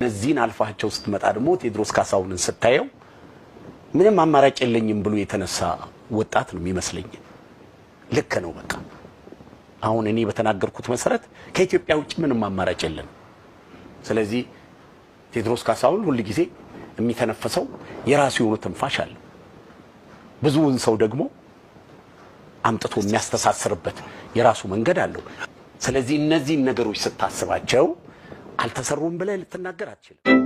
እነዚህን አልፋቸው ስትመጣ ደግሞ ቴዎድሮስ ካሳሁንን ስታየው ምንም አማራጭ የለኝም ብሎ የተነሳ ወጣት ነው የሚመስለኝ። ልክ ነው። በቃ አሁን እኔ በተናገርኩት መሰረት ከኢትዮጵያ ውጭ ምንም አማራጭ የለንም። ስለዚህ ቴዎድሮስ ካሳሁን ሁል ጊዜ የሚተነፈሰው የራሱ የሆነ ትንፋሽ አለ። ብዙውን ሰው ደግሞ አምጥቶ የሚያስተሳስርበት የራሱ መንገድ አለው። ስለዚህ እነዚህን ነገሮች ስታስባቸው አልተሰሩም ብለህ ልትናገር አትችልም።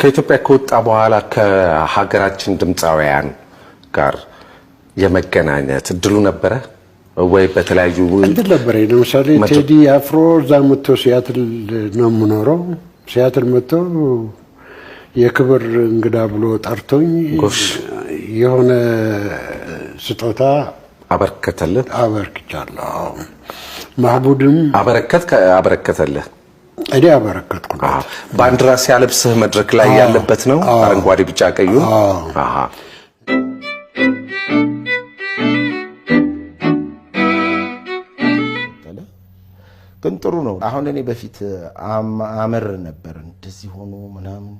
ከኢትዮጵያ ከወጣ በኋላ ከሀገራችን ድምፃውያን ጋር የመገናኘት እድሉ ነበረ ወይ? በተለያዩ እድል ነበረ። ለምሳሌ ቴዲ አፍሮ እዛ መጥቶ ሲያትል ነው የምኖረው። ሲያትል መጥቶ የክብር እንግዳ ብሎ ጠርቶኝ የሆነ ስጦታ አበረከተልህ? አበርክቻለሁ። ማህቡድም አበረከት አበረከተልህ። እኔ አበረከትኩ። ባንዲራ ሲያለብስህ መድረክ ላይ ያለበት ነው። አረንጓዴ፣ ቢጫ ቀዩ ግን ጥሩ ነው። አሁን እኔ በፊት አመር ነበር እንደዚህ ሆኖ ምናምን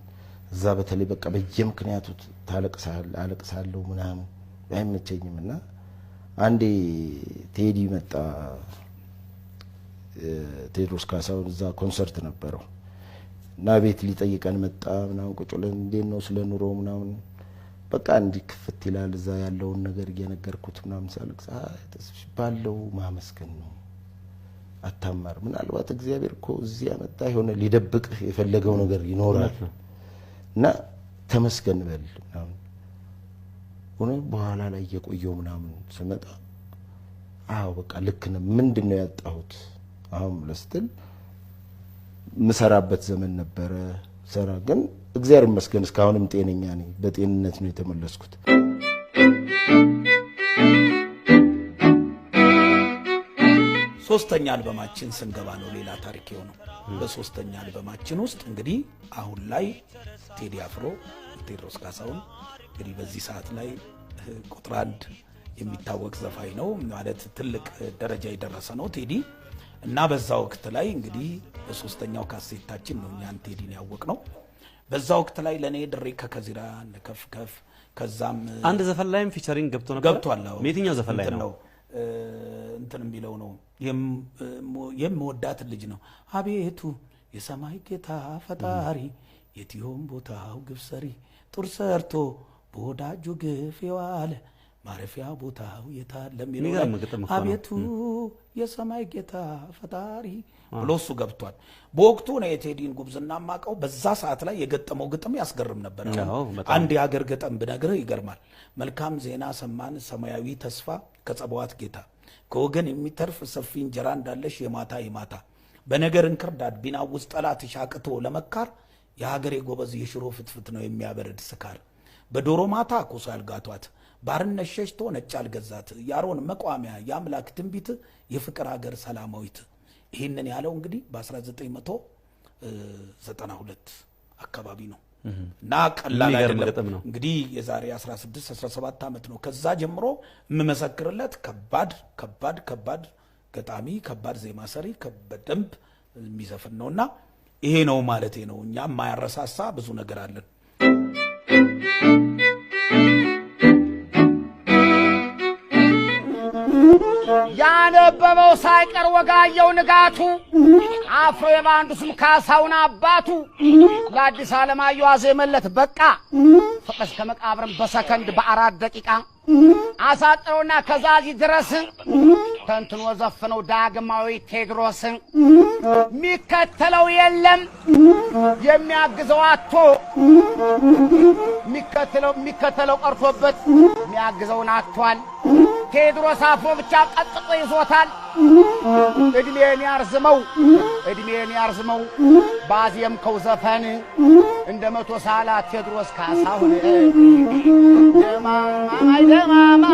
እዛ በተለይ በቃ በየምክንያቱ ታለቅሳለሁ ምናምን አይመቸኝም እና አንዴ ቴዲ መጣ። ቴዎድሮስ ካሳሁን እዛ ኮንሰርት ነበረው እና ቤት ሊጠይቀን መጣ። ምናምን ቁጭ ብለን እንዴት ነው ስለ ኑሮ ምናምን በቃ እንዲህ ክፍት ይላል። እዛ ያለውን ነገር እየነገርኩት ምናምን ሳልክ ባለው ማመስገን ነው አታማር። ምናልባት እግዚአብሔር እኮ እዚህ ያመጣ የሆነ ሊደብቅህ የፈለገው ነገር ይኖራል እና ተመስገን በል ምናምን ሆነ በኋላ ላይ የቆየው ምናምን ስመጣ አዎ በቃ ልክ ነው። ምንድን ነው ያጣሁት አሁን ለስትል ምሰራበት ዘመን ነበረ። ሰራ ግን እግዚአብሔር ይመስገን እስካሁንም ጤነኛ ነኝ። በጤንነት ነው የተመለስኩት። ሶስተኛ አልበማችን ስንገባ ነው ሌላ ታሪክ የሆነው። በሶስተኛ አልበማችን ውስጥ እንግዲህ አሁን ላይ ቴዲ አፍሮ፣ ቴድሮስ ካሳሁን እንግዲህ በዚህ ሰዓት ላይ ቁጥር አንድ የሚታወቅ ዘፋኝ ነው ማለት ትልቅ ደረጃ የደረሰ ነው ቴዲ እና በዛ ወቅት ላይ እንግዲህ በሶስተኛው ካሴታችን ነው እኛን ቴዲን ያወቅ ነው። በዛ ወቅት ላይ ለእኔ ድሬ ከከዚራ ከፍ ከዛም አንድ ዘፈን ላይም ፊቸሪንግ ገብቶ ነበር። ገብቷል። የትኛው ዘፈን ላይ ነው? እንትን የሚለው ነው የምወዳት ልጅ ነው። አቤቱ የሰማይ ጌታ ፈጣሪ የትዮም ቦታው ግብሰሪ ጡር ሰርቶ በወዳጁ ግፍ የዋለ ማረፊያ ቦታው የታለ አቤቱ የሰማይ ጌታ ፈጣሪ ብሎ እሱ ገብቷል። በወቅቱ ነው የቴዲን ጉብዝና ማቀው። በዛ ሰዓት ላይ የገጠመው ግጥም ያስገርም ነበር። አንድ የአገር ግጥም ብነግርህ ይገርማል። መልካም ዜና ሰማን ሰማያዊ ተስፋ ከጸባዋት ጌታ ከወገን የሚተርፍ ሰፊ እንጀራ እንዳለሽ የማታ የማታ በነገር እንክርዳድ ቢና ውስጥ ጠላት ሻቅቶ ለመካር የሀገሬ ጎበዝ የሽሮ ፍትፍት ነው የሚያበረድ ስካር በዶሮ ማታ ኩሳ ያልጋቷት ባርነት ሸሽቶ ነጭ አልገዛት የአሮን መቋሚያ የአምላክ ትንቢት የፍቅር ሀገር ሰላማዊት። ይህንን ያለው እንግዲህ በ1992 አካባቢ ነው እና ቀላል አይደለም። እንግዲህ የዛሬ 16 17 ዓመት ነው። ከዛ ጀምሮ የምመሰክርለት ከባድ ከባድ ከባድ ገጣሚ፣ ከባድ ዜማ ሰሪ፣ በደንብ የሚዘፍን ነውና ይሄ ነው ማለት ነው። እኛም ማያረሳሳ ብዙ ነገር አለን። አይቀር ወጋየው ንጋቱ አፍሮ የባንዱ ስም ካሳውን አባቱ ለአዲስ ዓለማየሁ አዜመለት በቃ ፍቅር እስከ መቃብርን በሰከንድ በአራት ደቂቃ አሳጥረውና ከዛዚ ድረስ ተንትኖ ዘፍነው ዳግማዊ ቴዎድሮስ የሚከተለው የለም የሚያግዘው አቶ የሚከተለው ቀርቶበት የሚያግዘውን አቷል። ቴድሮስ አፎ ብቻ ቀጥጦ ይዞታል። እድሜን ያርዝመው፣ እድሜን ያርዝመው። ባዜምከው ዘፈን እንደ መቶ ሳላ ቴድሮስ ካሳሁን ደማማ